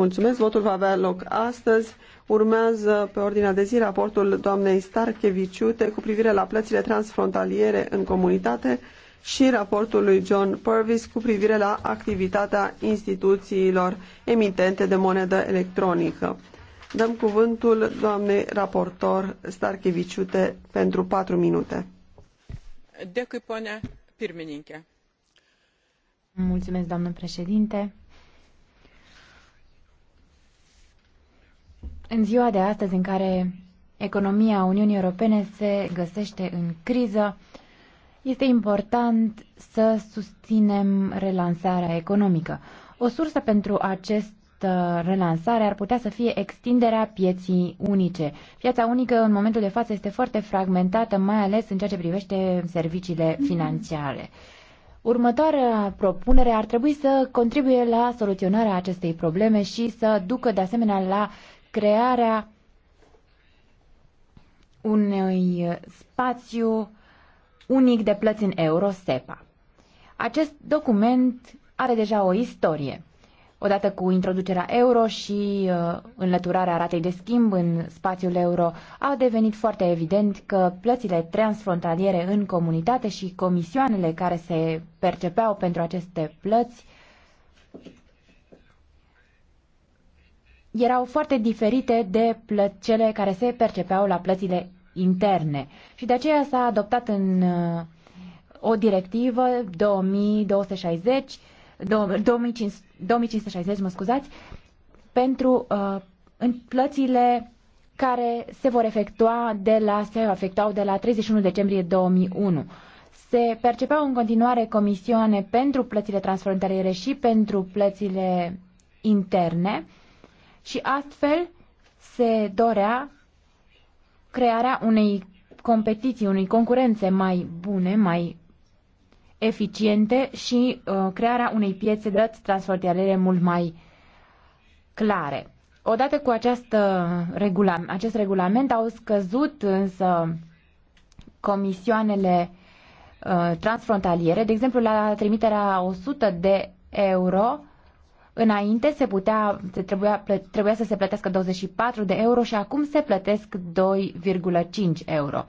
Mulțumesc, votul va avea loc astăzi. Urmează pe ordinea de zi raportul doamnei Starcheviciute cu privire la plățile transfrontaliere în comunitate și raportul lui John Purvis cu privire la activitatea instituțiilor emitente de monedă electronică. Dăm cuvântul doamnei raportor Starcheviciute pentru patru minute. Decui, pone, Mulțumesc, doamnă președinte. În ziua de astăzi în care economia Uniunii Europene se găsește în criză, este important să susținem relansarea economică. O sursă pentru acest relansare ar putea să fie extinderea pieții unice. Piața unică în momentul de față este foarte fragmentată, mai ales în ceea ce privește serviciile financiare. Următoarea propunere ar trebui să contribuie la soluționarea acestei probleme și să ducă de asemenea la crearea unui spațiu unic de plăți în euro, SEPA. Acest document are deja o istorie. Odată cu introducerea euro și uh, înlăturarea ratei de schimb în spațiul euro, a devenit foarte evident că plățile transfrontaliere în comunitate și comisioanele care se percepeau pentru aceste plăți erau foarte diferite de cele care se percepeau la plățile interne. Și de aceea s-a adoptat în uh, o directivă 2260, 2560, mă scuzați, pentru uh, în plățile care se vor efectua de la, se efectuau de la 31 decembrie 2001. Se percepeau în continuare comisioane pentru plățile transfrontaliere și pentru plățile interne, și astfel se dorea crearea unei competiții, unei concurențe mai bune, mai eficiente și uh, crearea unei piețe de transfrontaliere mult mai clare. Odată cu această regula, acest regulament au scăzut însă comisioanele uh, transfrontaliere, de exemplu la trimiterea 100 de euro Înainte se putea, se trebuia, trebuia să se plătească 24 de euro și acum se plătesc 2,5 euro.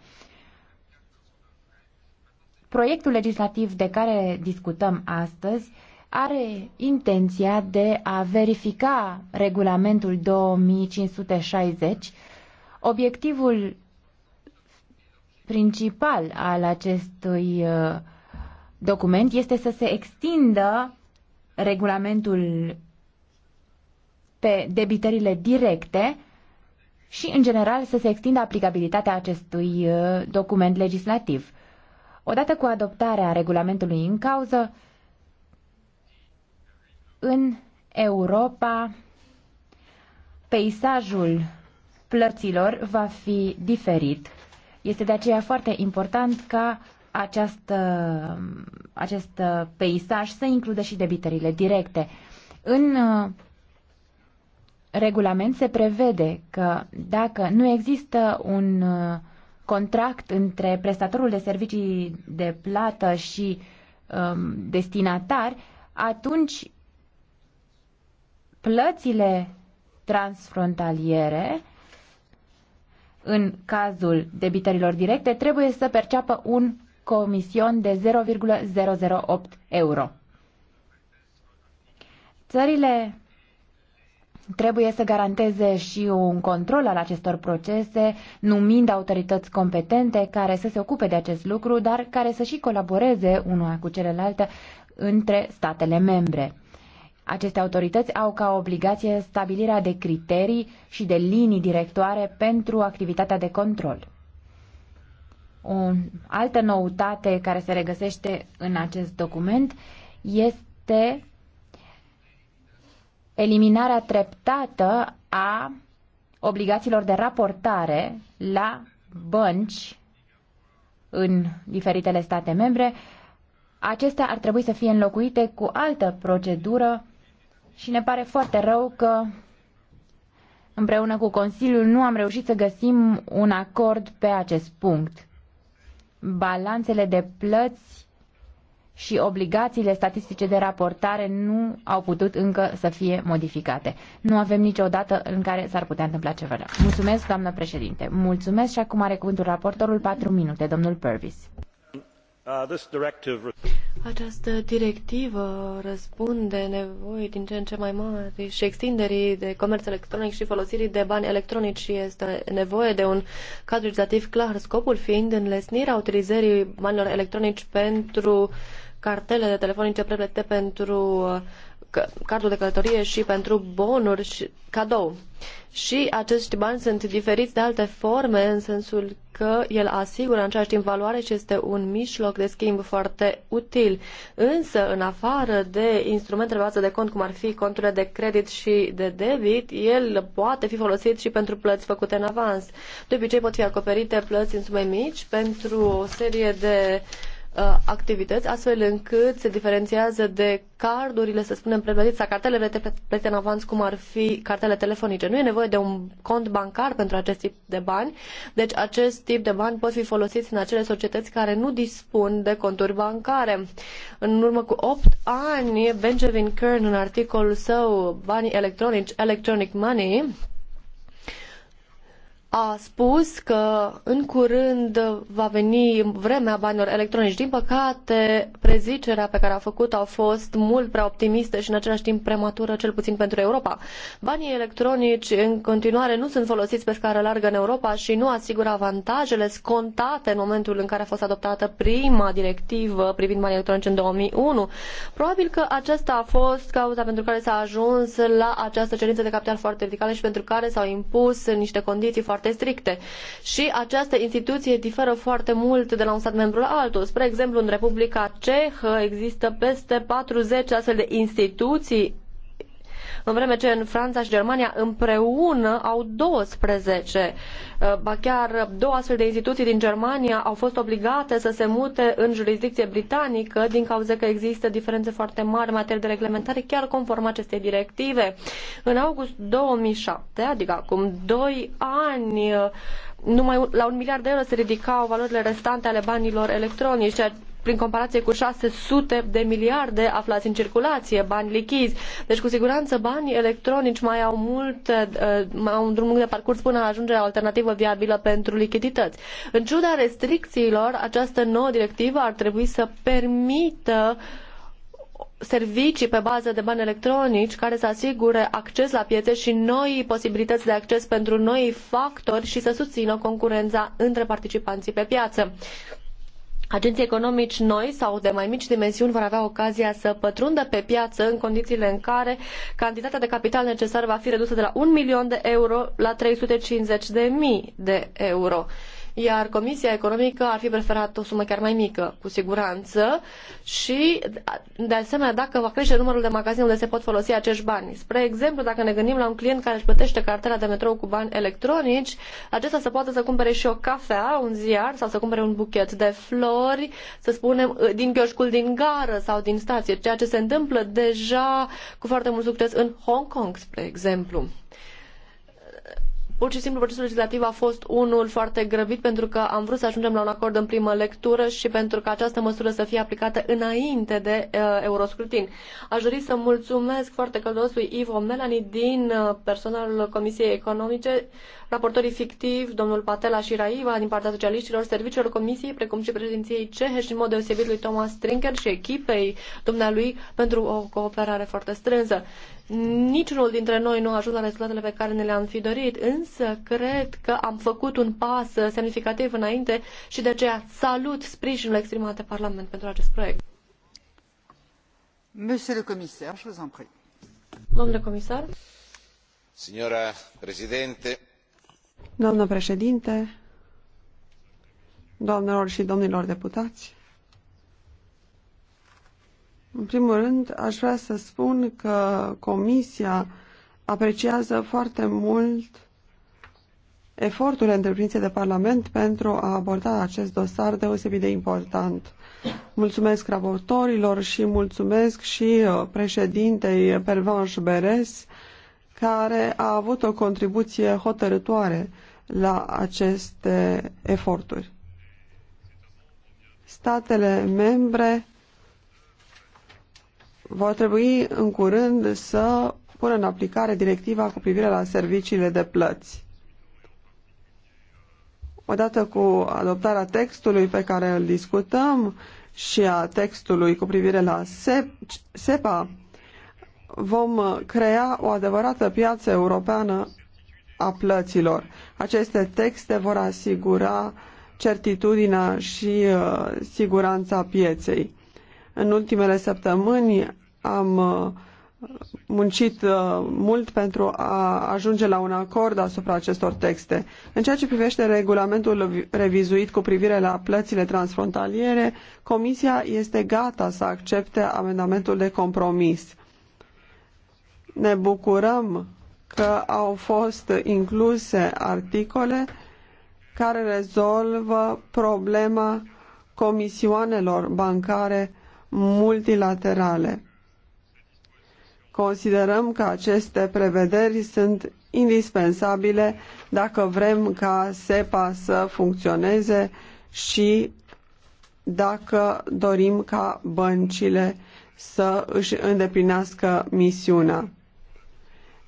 Proiectul legislativ de care discutăm astăzi are intenția de a verifica regulamentul 2560. Obiectivul principal al acestui uh, document este să se extindă regulamentul pe debitările directe și, în general, să se extindă aplicabilitatea acestui uh, document legislativ. Odată cu adoptarea regulamentului în cauză, în Europa, peisajul plăților va fi diferit. Este de aceea foarte important ca această, acest uh, peisaj să includă și debitările directe. În uh, regulament se prevede că dacă nu există un uh, contract între prestatorul de servicii de plată și um, destinatar, atunci plățile transfrontaliere în cazul debitărilor directe trebuie să perceapă un comision de 0,008 euro. Țările trebuie să garanteze și un control al acestor procese, numind autorități competente care să se ocupe de acest lucru, dar care să și colaboreze una cu celelalte între statele membre. Aceste autorități au ca obligație stabilirea de criterii și de linii directoare pentru activitatea de control. O altă noutate care se regăsește în acest document este eliminarea treptată a obligațiilor de raportare la bănci în diferitele state membre. Acestea ar trebui să fie înlocuite cu altă procedură și ne pare foarte rău că împreună cu Consiliul nu am reușit să găsim un acord pe acest punct balanțele de plăți și obligațiile statistice de raportare nu au putut încă să fie modificate. Nu avem nicio dată în care s-ar putea întâmpla ceva. Mulțumesc, doamnă președinte. Mulțumesc și acum are cuvântul raportorul 4 minute, domnul Purvis. Uh, Această directivă răspunde nevoii din ce în ce mai mari și extinderii de comerț electronic și folosirii de bani electronici și este nevoie de un cadru legislativ clar, scopul fiind înlesnirea utilizării banilor electronici pentru cartelele telefonice preplătite pentru uh, cardul de călătorie și pentru bonuri și cadou. Și acești bani sunt diferiți de alte forme în sensul că el asigură în același timp valoare și este un mijloc de schimb foarte util. Însă, în afară de instrumentele bază de cont, cum ar fi conturile de credit și de debit, el poate fi folosit și pentru plăți făcute în avans. De obicei pot fi acoperite plăți în sume mici pentru o serie de uh, Uh, activități, astfel încât se diferențiază de cardurile, să spunem, preplătite sau cartele plătite în avans, cum ar fi cartele telefonice. Nu e nevoie de un cont bancar pentru acest tip de bani, deci acest tip de bani pot fi folosiți în acele societăți care nu dispun de conturi bancare. În urmă cu 8 ani, Benjamin Kern, în articolul său Banii electronici, Electronic Money, a spus că în curând va veni vremea banilor electronici. Din păcate, prezicerea pe care a făcut-o a fost mult prea optimistă și în același timp prematură, cel puțin pentru Europa. Banii electronici în continuare nu sunt folosiți pe scară largă în Europa și nu asigură avantajele scontate în momentul în care a fost adoptată prima directivă privind banii electronici în 2001. Probabil că aceasta a fost cauza pentru care s-a ajuns la această cerință de capital foarte ridicată și pentru care s-au impus niște condiții foarte foarte stricte. Și această instituție diferă foarte mult de la un stat membru la altul. Spre exemplu, în Republica Cehă există peste 40 astfel de instituții în vreme ce în Franța și Germania împreună au 12. Uh, ba chiar două astfel de instituții din Germania au fost obligate să se mute în jurisdicție britanică din cauza că există diferențe foarte mari în materie de reglementare, chiar conform acestei directive. În august 2007, adică acum 2 ani, uh, numai la un miliard de euro se ridicau valorile restante ale banilor electronici, ceea prin comparație cu 600 de miliarde aflați în circulație, bani lichizi. Deci, cu siguranță, banii electronici mai au mult, mai eh, au un drum de parcurs până la ajungerea alternativă viabilă pentru lichidități. În ciuda restricțiilor, această nouă directivă ar trebui să permită servicii pe bază de bani electronici care să asigure acces la piețe și noi posibilități de acces pentru noi factori și să susțină concurența între participanții pe piață. Agenții economici noi sau de mai mici dimensiuni vor avea ocazia să pătrundă pe piață în condițiile în care cantitatea de capital necesară va fi redusă de la 1 milion de euro la 350 de mii de euro iar Comisia Economică ar fi preferat o sumă chiar mai mică, cu siguranță, și, de asemenea, dacă va crește numărul de magazine unde se pot folosi acești bani. Spre exemplu, dacă ne gândim la un client care își plătește cartela de metrou cu bani electronici, acesta să poată să cumpere și o cafea, un ziar sau să cumpere un buchet de flori, să spunem, din chioșcul din gară sau din stație, ceea ce se întâmplă deja cu foarte mult succes în Hong Kong, spre exemplu. Pur și simplu procesul legislativ a fost unul foarte grăbit pentru că am vrut să ajungem la un acord în primă lectură și pentru că această măsură să fie aplicată înainte de uh, euroscrutin. Aș dori să mulțumesc foarte călduros lui Ivo Melani din uh, personalul Comisiei Economice, raportorii fictiv, domnul Patela și Raiva din partea socialiștilor, serviciilor Comisiei, precum și președinției CEH și în mod deosebit lui Thomas Trinker și echipei dumnealui pentru o cooperare foarte strânsă. Niciunul dintre noi nu a ajuns la rezultatele pe care ne le-am fi dorit, însă cred că am făcut un pas semnificativ înainte și de aceea salut sprijinul exprimat de Parlament pentru acest proiect. Monsieur le commissaire, je vous en prie. Domnule comisar. Signora președinte. Doamnă președinte, doamnelor și domnilor deputați, în primul rând, aș vrea să spun că Comisia apreciază foarte mult eforturile întreprinse de Parlament pentru a aborda acest dosar deosebit de important. Mulțumesc raportorilor și mulțumesc și uh, președintei Pervanș Beres, care a avut o contribuție hotărătoare la aceste eforturi. Statele membre vor trebui în curând să pună în aplicare directiva cu privire la serviciile de plăți. Odată cu adoptarea textului pe care îl discutăm și a textului cu privire la SEPA, vom crea o adevărată piață europeană a plăților. Aceste texte vor asigura certitudinea și uh, siguranța pieței. În ultimele săptămâni am uh, muncit uh, mult pentru a ajunge la un acord asupra acestor texte. În ceea ce privește regulamentul revizuit cu privire la plățile transfrontaliere, Comisia este gata să accepte amendamentul de compromis. Ne bucurăm că au fost incluse articole care rezolvă problema comisioanelor bancare multilaterale. Considerăm că aceste prevederi sunt indispensabile dacă vrem ca SEPA să funcționeze și dacă dorim ca băncile să își îndeplinească misiunea.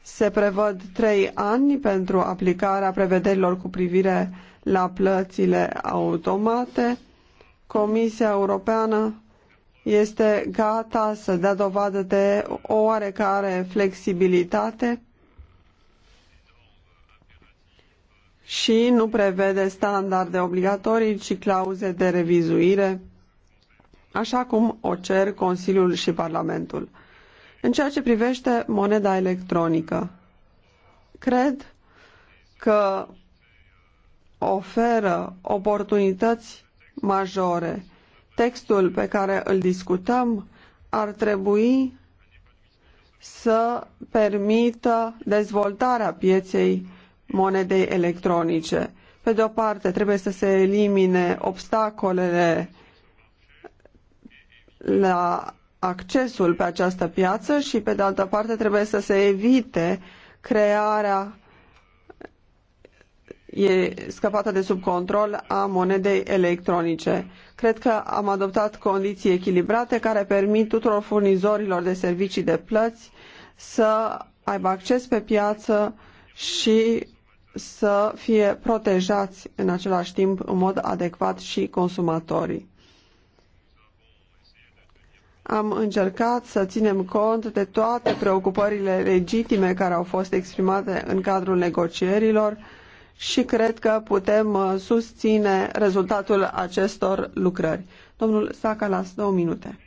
Se prevăd trei ani pentru aplicarea prevederilor cu privire la plățile automate. Comisia Europeană este gata să dea dovadă de o oarecare flexibilitate și nu prevede standarde obligatorii, ci clauze de revizuire, așa cum o cer Consiliul și Parlamentul. În ceea ce privește moneda electronică, cred că oferă oportunități majore textul pe care îl discutăm ar trebui să permită dezvoltarea pieței monedei electronice. Pe de o parte, trebuie să se elimine obstacolele la accesul pe această piață și, pe de altă parte, trebuie să se evite crearea e scăpată de sub control a monedei electronice. Cred că am adoptat condiții echilibrate care permit tuturor furnizorilor de servicii de plăți să aibă acces pe piață și să fie protejați în același timp în mod adecvat și consumatorii. Am încercat să ținem cont de toate preocupările legitime care au fost exprimate în cadrul negocierilor, și cred că putem uh, susține rezultatul acestor lucrări. Domnul Sakalas, două minute.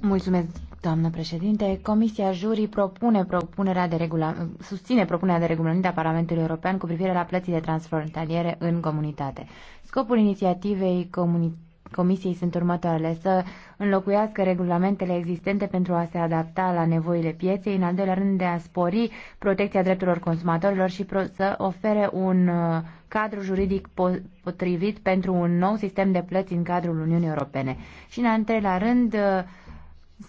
Mulțumesc, doamnă președinte. Comisia Jurii propune propunerea de regula... susține propunerea de regulament a Parlamentului European cu privire la de transfrontaliere în comunitate. Scopul inițiativei comunitate. Comisiei sunt următoarele. Să înlocuiască regulamentele existente pentru a se adapta la nevoile pieței, în al doilea rând de a spori protecția drepturilor consumatorilor și să ofere un uh, cadru juridic potrivit pentru un nou sistem de plăți în cadrul Uniunii Europene. Și în al treilea rând uh,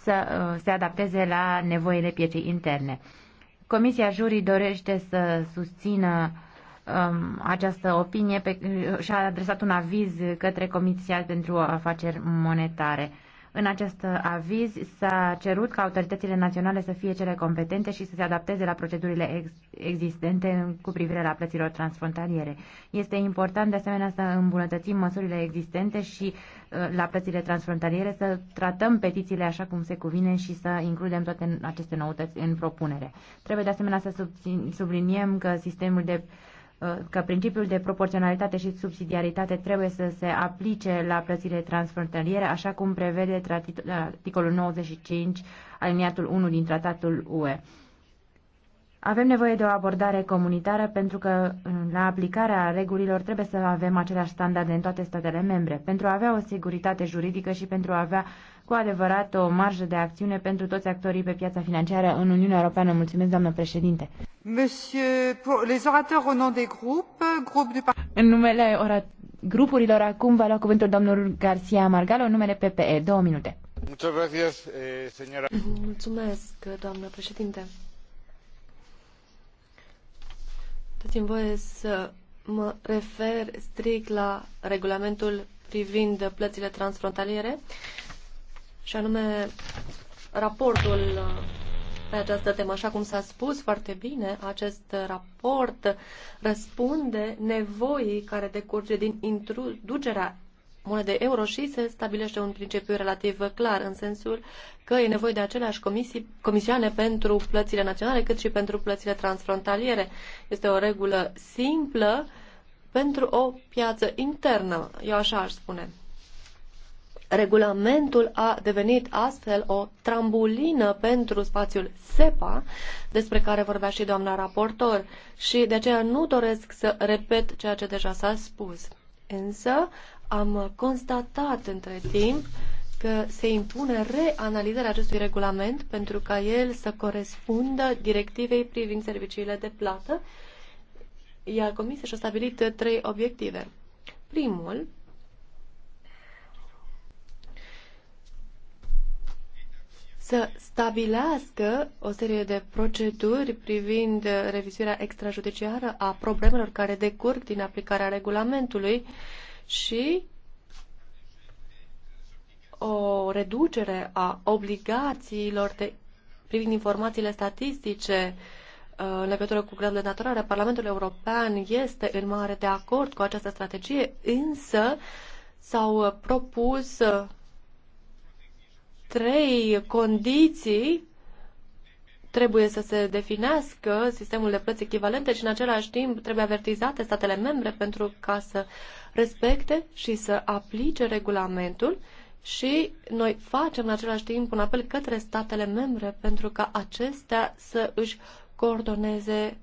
să uh, se adapteze la nevoile pieței interne. Comisia Jurii dorește să susțină um, această opinie pe, și-a adresat un aviz către Comisia pentru Afaceri Monetare. În acest aviz s-a cerut ca autoritățile naționale să fie cele competente și să se adapteze la procedurile ex- existente cu privire la plăților transfrontaliere. Este important de asemenea să îmbunătățim măsurile existente și uh, la plățile transfrontaliere să tratăm petițiile așa cum se cuvine și să includem toate aceste noutăți în propunere. Trebuie de asemenea să subliniem că sistemul de Uh, că principiul de proporționalitate și subsidiaritate trebuie să se aplice la plățile transfrontaliere, așa cum prevede articolul 95, aliniatul 1 din tratatul UE. Avem nevoie de o abordare comunitară pentru că la aplicarea regulilor trebuie să avem aceleași standarde în toate statele membre, pentru a avea o siguritate juridică și pentru a avea cu adevărat o marjă de acțiune pentru toți actorii pe piața financiară în Uniunea Europeană. Mulțumesc, doamnă președinte. În numele grupurilor acum va lua cuvântul domnul Garcia Margalo în numele PPE. Două minute. Eh, Mulțumesc, doamnă președinte. Dați-mi voie să mă refer strict la regulamentul privind plățile transfrontaliere și anume raportul uh, pe această temă. Așa cum s-a spus foarte bine, acest raport răspunde nevoii care decurge din introducerea de euro și se stabilește un principiu relativ clar în sensul că e nevoie de aceleași comisii, comisioane pentru plățile naționale cât și pentru plățile transfrontaliere. Este o regulă simplă pentru o piață internă, eu așa aș spune. Regulamentul a devenit astfel o trambulină pentru spațiul SEPA, despre care vorbea și doamna raportor, și de aceea nu doresc să repet ceea ce deja s-a spus. Însă am constatat între timp că se impune reanalizarea acestui regulament pentru ca el să corespundă directivei privind serviciile de plată, iar Comisia și-a stabilit trei obiective. Primul, să stabilească o serie de proceduri privind revizuirea extrajudiciară a problemelor care decurg din aplicarea regulamentului, uh, și o reducere a obligațiilor de, privind informațiile statistice uh, în legătură cu gradul de naturare. Parlamentul European este în mare de acord cu această strategie, însă s-au uh, propus uh, trei condiții Trebuie să se definească sistemul de plăți echivalente și în același timp trebuie avertizate statele membre pentru ca să respecte și să aplice regulamentul și noi facem în același timp un apel către statele membre pentru ca acestea să își coordoneze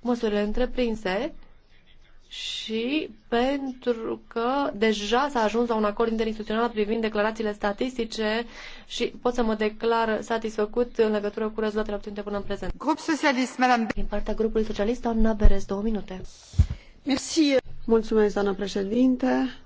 măsurile întreprinse și pentru că deja s-a ajuns la un acord interinstituțional privind declarațiile statistice și pot să mă declar satisfăcut în legătură cu rezultatele obținute până în prezent. Grup Socialist, Madame... Din partea grupului socialist, doamna Berez, două minute. Merci. Mulțumesc, doamna președinte.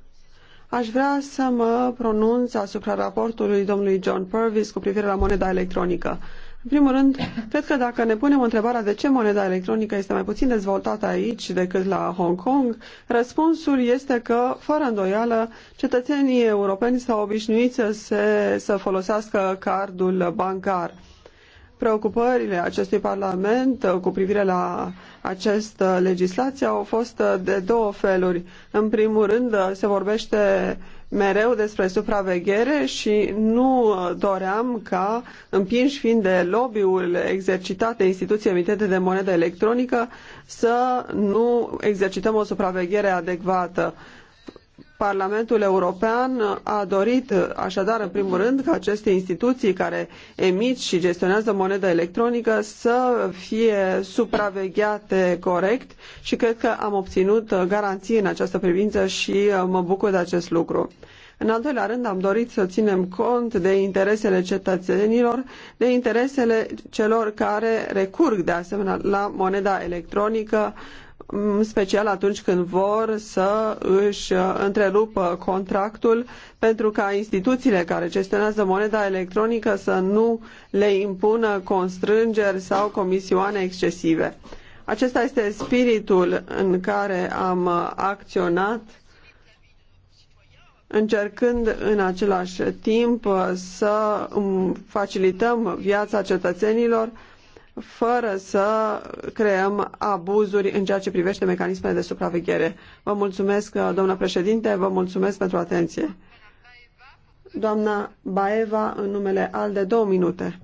Aș vrea să mă pronunț asupra raportului domnului John Purvis cu privire la moneda electronică. În primul rând, cred că dacă ne punem întrebarea de ce moneda electronică este mai puțin dezvoltată aici decât la Hong Kong, răspunsul este că, fără îndoială, cetățenii europeni s-au obișnuit să, se, să folosească cardul bancar. Preocupările acestui Parlament uh, cu privire la această legislație au fost uh, de două feluri. În primul rând, uh, se vorbește mereu despre supraveghere și nu uh, doream ca, împinși fiind de lobby-ul exercitat de instituții emitente de monedă electronică, să nu exercităm o supraveghere adecvată. Parlamentul European a dorit așadar, în primul rând, ca aceste instituții care emit și gestionează moneda electronică să fie supravegheate corect și cred că am obținut garanții în această privință și uh, mă bucur de acest lucru. În al doilea rând, am dorit să ținem cont de interesele cetățenilor, de interesele celor care recurg de asemenea la moneda electronică în special atunci când vor să își întrerupă contractul pentru ca instituțiile care gestionează moneda electronică să nu le impună constrângeri sau comisioane excesive. Acesta este spiritul în care am acționat încercând în același timp să facilităm viața cetățenilor fără să creăm abuzuri în ceea ce privește mecanismele de supraveghere. Vă mulțumesc, doamnă președinte, vă mulțumesc pentru atenție. Doamna Baeva, în numele al de două minute.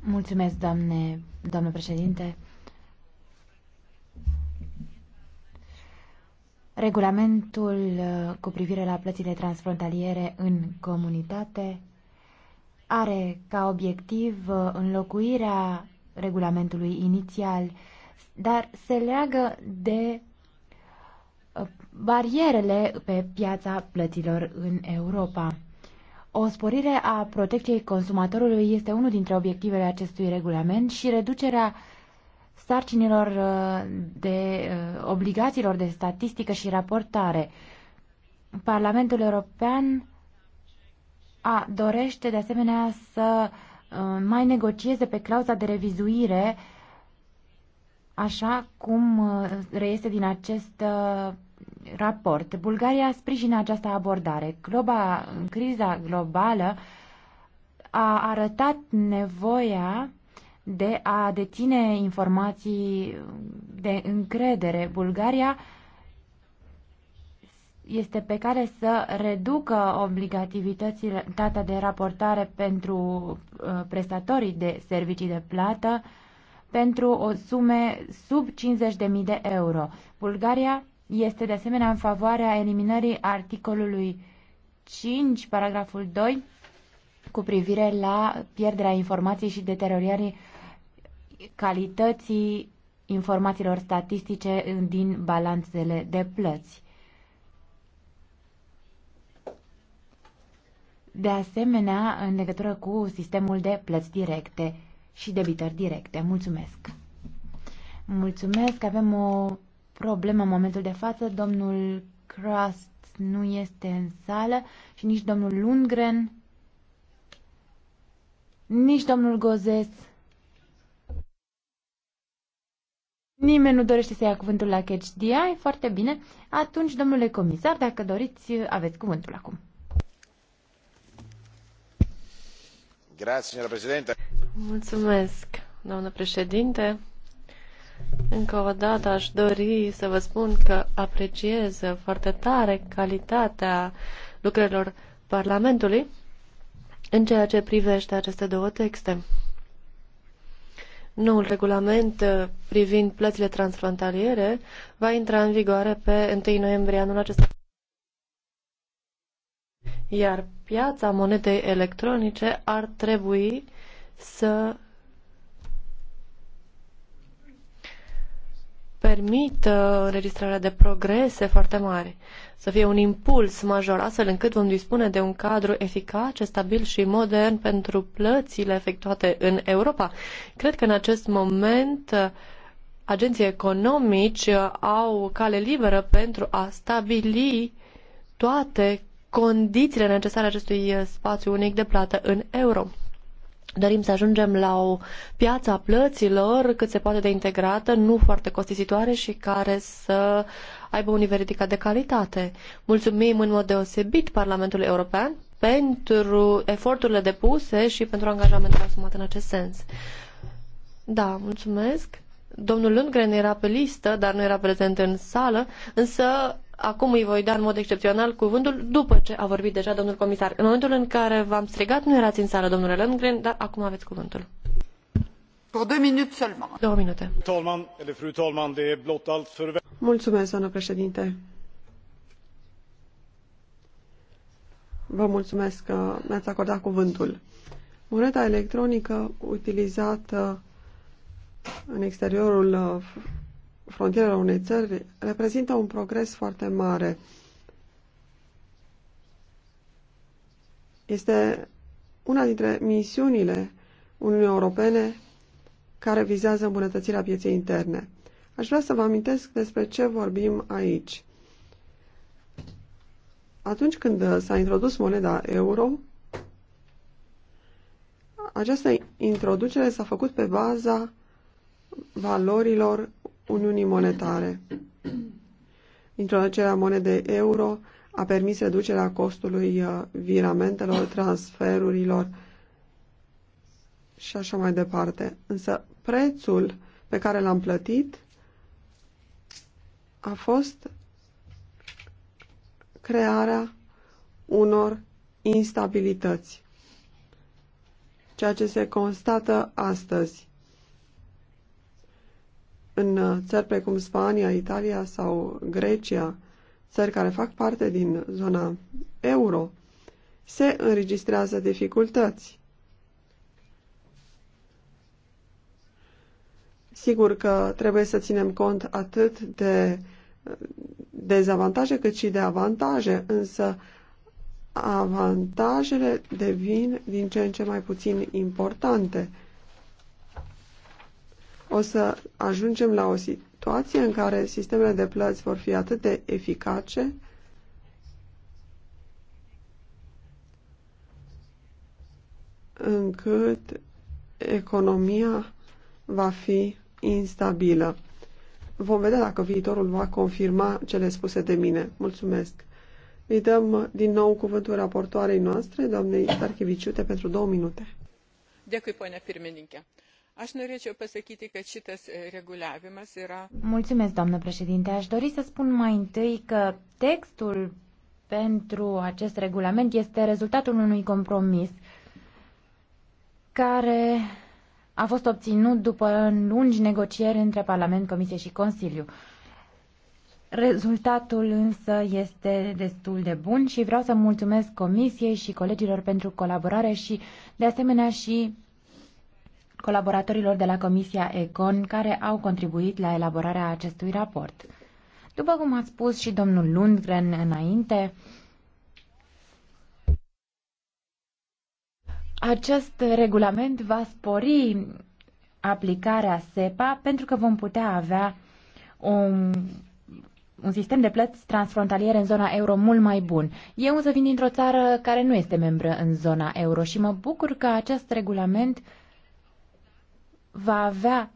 Mulțumesc, doamne, doamnă președinte. Regulamentul uh, cu privire la plățile transfrontaliere în comunitate are ca obiectiv uh, înlocuirea regulamentului inițial, dar se leagă de uh, barierele pe piața plăților în Europa. O sporire a protecției consumatorului este unul dintre obiectivele acestui regulament și reducerea sarcinilor uh, de obligațiilor de statistică și raportare. Parlamentul European a, dorește de asemenea să uh, mai negocieze pe clauza de revizuire așa cum uh, reiese din acest uh, raport. Bulgaria sprijină această abordare. Globa, criza globală a arătat nevoia de a deține informații de încredere. Bulgaria este pe care să reducă obligativitatea de raportare pentru uh, prestatorii de servicii de plată pentru o sume sub 50.000 de euro. Bulgaria este de asemenea în favoarea eliminării articolului 5, paragraful 2, cu privire la pierderea informației și deteriorării calității informațiilor statistice din balanțele de plăți. de asemenea în legătură cu sistemul de plăți directe și debitări directe. Mulțumesc! Mulțumesc! Avem o problemă în momentul de față. Domnul Crust nu este în sală și nici domnul Lundgren, nici domnul Gozes. Nimeni nu dorește să ia cuvântul la Catch DI. Foarte bine. Atunci, domnule comisar, dacă doriți, aveți cuvântul acum. Mulțumesc, președinte. Încă o dată aș dori să vă spun că apreciez foarte tare calitatea lucrărilor Parlamentului în ceea ce privește aceste două texte. Noul regulament privind plățile transfrontaliere va intra în vigoare pe 1 noiembrie anul acesta iar piața monedei electronice ar trebui să permită înregistrarea de progrese foarte mari, să fie un impuls major, astfel încât vom dispune de un cadru eficace, stabil și modern pentru plățile efectuate în Europa. Cred că în acest moment agenții economici au cale liberă pentru a stabili toate condițiile necesare acestui uh, spațiu unic de plată în euro. Dorim să ajungem la o piață a plăților cât se poate de integrată, nu foarte costisitoare și care să aibă un nivel ridicat de calitate. Mulțumim în mod deosebit Parlamentului European pentru eforturile depuse și pentru angajamentul asumat în acest sens. Da, mulțumesc. Domnul Lundgren era pe listă, dar nu era prezent în sală, însă Acum îi voi da în mod excepțional cuvântul după ce a vorbit deja domnul comisar. În momentul în care v-am strigat, nu erați în sală, domnule Lundgren, dar acum aveți cuvântul. Două minute. Mulțumesc, doamnă președinte. Vă mulțumesc că mi-ați acordat cuvântul. Moneda electronică utilizată în exteriorul frontierele unei țări reprezintă un progres foarte mare. Este una dintre misiunile Uniunii Europene care vizează îmbunătățirea pieței interne. Aș vrea să vă amintesc despre ce vorbim aici. Atunci când s-a introdus moneda euro, această introducere s-a făcut pe baza valorilor Uniunii Monetare. Introducerea monedei euro a permis reducerea costului uh, viramentelor, transferurilor și așa mai departe. Însă prețul pe care l-am plătit a fost crearea unor instabilități. Ceea ce se constată astăzi în țări precum Spania, Italia sau Grecia, țări care fac parte din zona euro, se înregistrează dificultăți. Sigur că trebuie să ținem cont atât de dezavantaje cât și de avantaje, însă avantajele devin din ce în ce mai puțin importante o să ajungem la o situație în care sistemele de plăți vor fi atât de eficace încât economia va fi instabilă. Vom vedea dacă viitorul va confirma cele spuse de mine. Mulțumesc! Îi dăm din nou cuvântul raportoarei noastre, doamnei Starchiviciute, pentru două minute. Dacă-i pirmininche. Aš norėčiau pasakyti, kad šitas reguliavimas yra. Mulțumesc, doamnă președinte. Aș dori să spun mai întâi că textul pentru acest regulament este rezultatul unui compromis care a fost obținut după lungi negocieri între Parlament, Comisie și Consiliu. Rezultatul însă este destul de bun și vreau să mulțumesc Comisiei și colegilor pentru colaborare și de asemenea și colaboratorilor de la Comisia Econ care au contribuit la elaborarea acestui raport. După cum a spus și domnul Lundgren înainte, acest regulament va spori aplicarea SEPA pentru că vom putea avea un, un sistem de plăți transfrontaliere în zona euro mult mai bun. Eu însă vin dintr-o țară care nu este membră în zona euro și mă bucur că acest regulament uh, va avea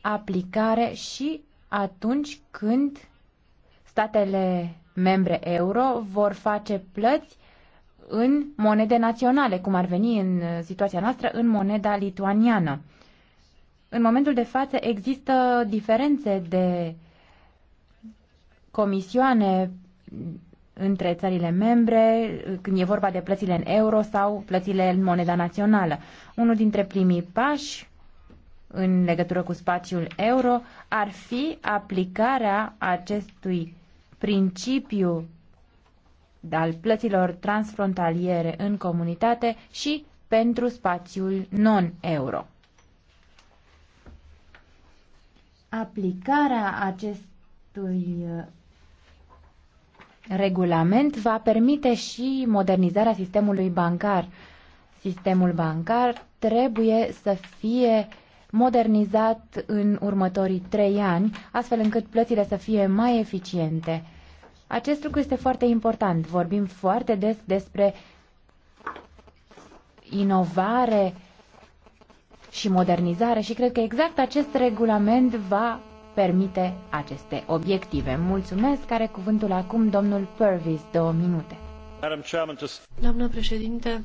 aplicare și atunci când statele membre euro vor face plăți în monede naționale, cum ar veni în situația noastră în moneda lituaniană. În momentul de față există diferențe de comisioane între țările membre când e vorba de plățile în euro sau plățile în moneda națională. Unul dintre primii pași în legătură cu spațiul euro ar fi aplicarea acestui principiu al plăților transfrontaliere în comunitate și pentru spațiul non-euro. Aplicarea acestui uh, regulament va permite și modernizarea sistemului bancar. Sistemul bancar trebuie să fie modernizat în următorii trei ani, astfel încât plățile să fie mai eficiente. Acest lucru este foarte important. Vorbim foarte des despre inovare și modernizare și cred că exact acest regulament va permite aceste obiective. Mulțumesc, care cuvântul acum domnul Purvis, două minute. Doamna președinte,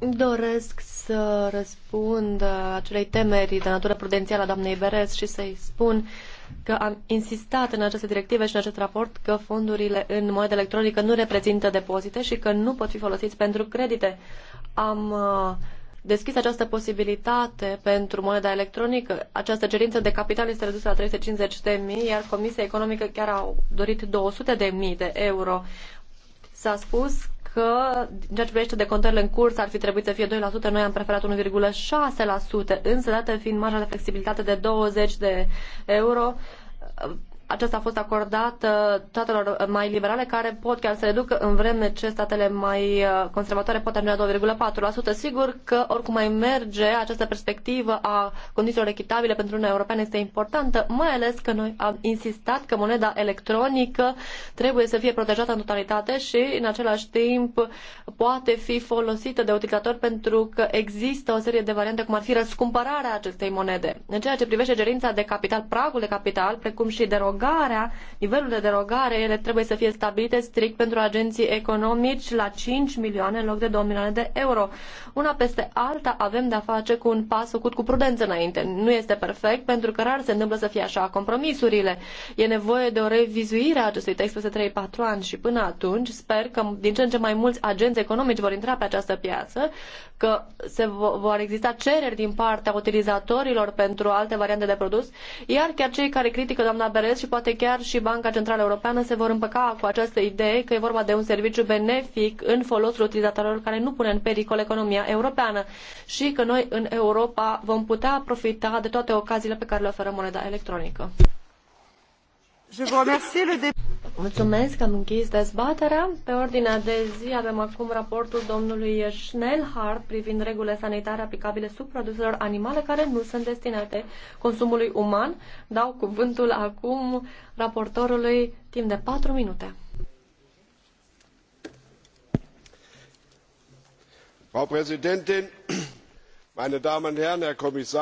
Doresc să răspund acelei temeri de natură prudențială a doamnei Beres și să-i spun că am insistat în aceste directive și în acest raport că fondurile în moneda electronică nu reprezintă depozite și că nu pot fi folosiți pentru credite. Am uh, deschis această posibilitate pentru moneda electronică. Această cerință de capital este redusă la 350 de mii, iar Comisia Economică chiar au dorit 200 de mii de euro. S-a spus că, în ceea ce privește contările în curs, ar fi trebuit să fie 2%, noi am preferat 1,6%, însă, dată fiind marja de flexibilitate de 20 de euro, aceasta a fost acordată statelor mai liberale care pot chiar să reducă în vreme ce statele mai uh, conservatoare pot ajunge la 2,4%. Sigur că oricum mai merge această perspectivă a condițiilor echitabile pentru Uniunea Europeană este importantă, mai ales că noi am insistat că moneda electronică trebuie să fie protejată în totalitate și în același timp poate fi folosită de utilizatori pentru că există o serie de variante cum ar fi răscumpărarea acestei monede. În ceea ce privește gerința de capital, pragul de capital, precum și derogarea derogarea, nivelul de derogare, ele trebuie să fie stabilite strict pentru agenții economici la 5 milioane în loc de 2 milioane de euro. Una peste alta avem de-a face cu un pas făcut cu prudență înainte. Nu este perfect pentru că rar se întâmplă să fie așa compromisurile. E nevoie de o revizuire a acestui text peste 3-4 ani și până atunci sper că din ce în ce mai mulți agenți economici vor intra pe această piață, că se vor exista cereri din partea utilizatorilor pentru alte variante de produs, iar chiar cei care critică doamna Beres și poate chiar și Banca Centrală Europeană se vor împăca cu această idee că e vorba de un serviciu benefic în folosul utilizatorilor care nu pune în pericol economia europeană și că noi în Europa vom putea profita de toate ocaziile pe care le oferă moneda electronică. Je vous remercie le Mulțumesc, am închis dezbaterea. Pe ordinea de zi avem acum raportul domnului Schnellhardt privind regulile sanitare aplicabile subproduselor animale care nu sunt destinate consumului uman. Dau cuvântul acum raportorului timp de 4 minute. Frau Präsidentin, meine Damen und Herren, Herr Kommissar!